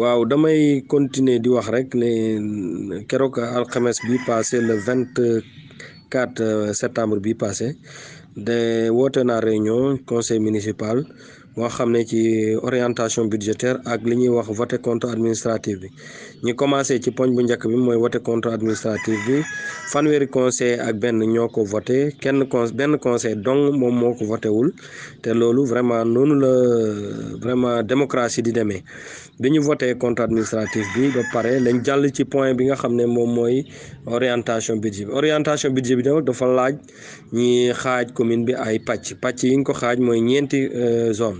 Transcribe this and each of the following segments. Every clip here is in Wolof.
waaw damay continuer di wax rek ne keroog alxames bi passé le vingt quatre septembre bi passé de woote naa réunion conseil municipal moo xamné ci orientation budgétaire ak li ñuy wax voté compte administratif bi ñi commencé ci poñ bu njëkk bi moy voté compte administratif bi fanwéri conseil ak ben ñoo ko voté kenn con conseil donc mom moko ko voté wul té lolu vraiment nonu la vraiment démocratie di démé bi ñu voté compte administratif bi ba paré lañ jall ci point bi nga xamné mom moy orientation budget bi orientation budget bi dafa laaj ñi xaj commune bi ay patch patch yi ñu ko xaj moy ñenti euh, zone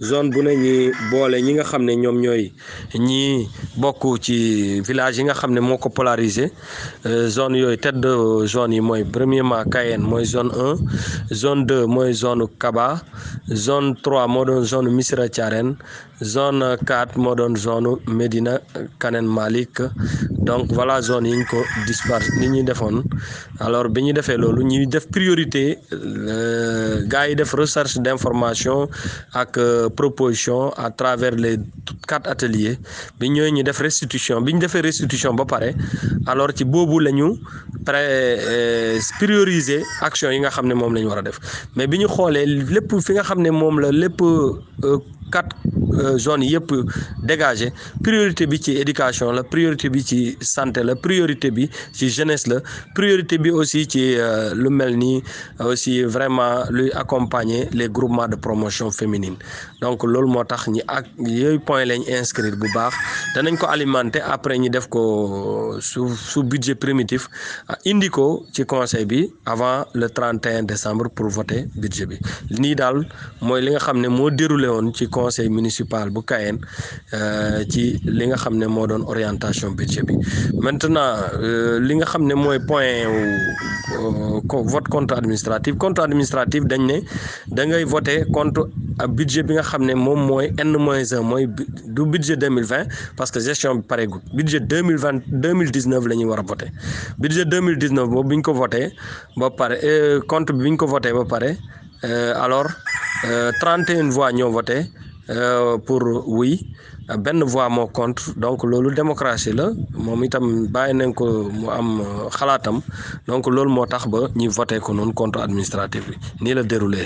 zone bu ne ñi boole ñi nga xam ne ñoom ñooy ñi bokk ci village yi nga xam ne moo ko polarisé euh, zone yooyu tête de zone yi mooy premièrement Cayenne mooy zone un zone deux mooy zone Kaba zone trois moo zone misra charen, zone quatre moo zone medina Kanen Malik. donc voilà zone yi ñu ko ni ñuy defoon alors bi ñu defee loolu ñuy def priorité euh, gars yi def recherche d'information ak. Euh, euh, proposition à travers les quatre ateliers bi ñooy ñu def restitution biñ ñu restitution ba paré alors ci bobu lañu pré euh, prioriser action yi nga xamné mom moom wara def mais biñu xolé lepp fi nga xamné mom la lepp euh, quatre euh, zone dégager la priorité bi l'éducation, la priorité bi ci santé la priorité bi ci jeunesse la priorité bi aussi ci euh, lu mel aussi vraiment lui accompagner les groupements de promotion féminine donc loolu moo tax ñi ak yooyu point lañ inscrire bu baax danañ ko alimenter après ñi def ko budget primitif indi ko ci conseil bi avant le 31 décembre pour voter budget bi nii daal mooy li nga xam ne déroulé woon ci conseil municipal municipal bu Cayenne euh, ci li nga xam ne moo doon orientation budget bi maintenant euh, li nga xam ne mooy point euh, vote compte administratif compte dañ ne da ngay voter compte budget bi nga xam ne moom mooy n moins un mooy du budget 2020 parce que gestion bi pareegul budget 2020 2019 la ñuy war a voter budget 2019 boobu bi ñu ko voté ba pare compte bi bi ñ ko voté ba pare alors 31 voix ñoo voté Euh, pour oui benn voix moo contre donc loolu démocratie la moom itam bàyyi nañ ko mu am euh, xalaatam donc loolu moo tax ba ñi voté ko noonu compte administratif bi nii la déroulé.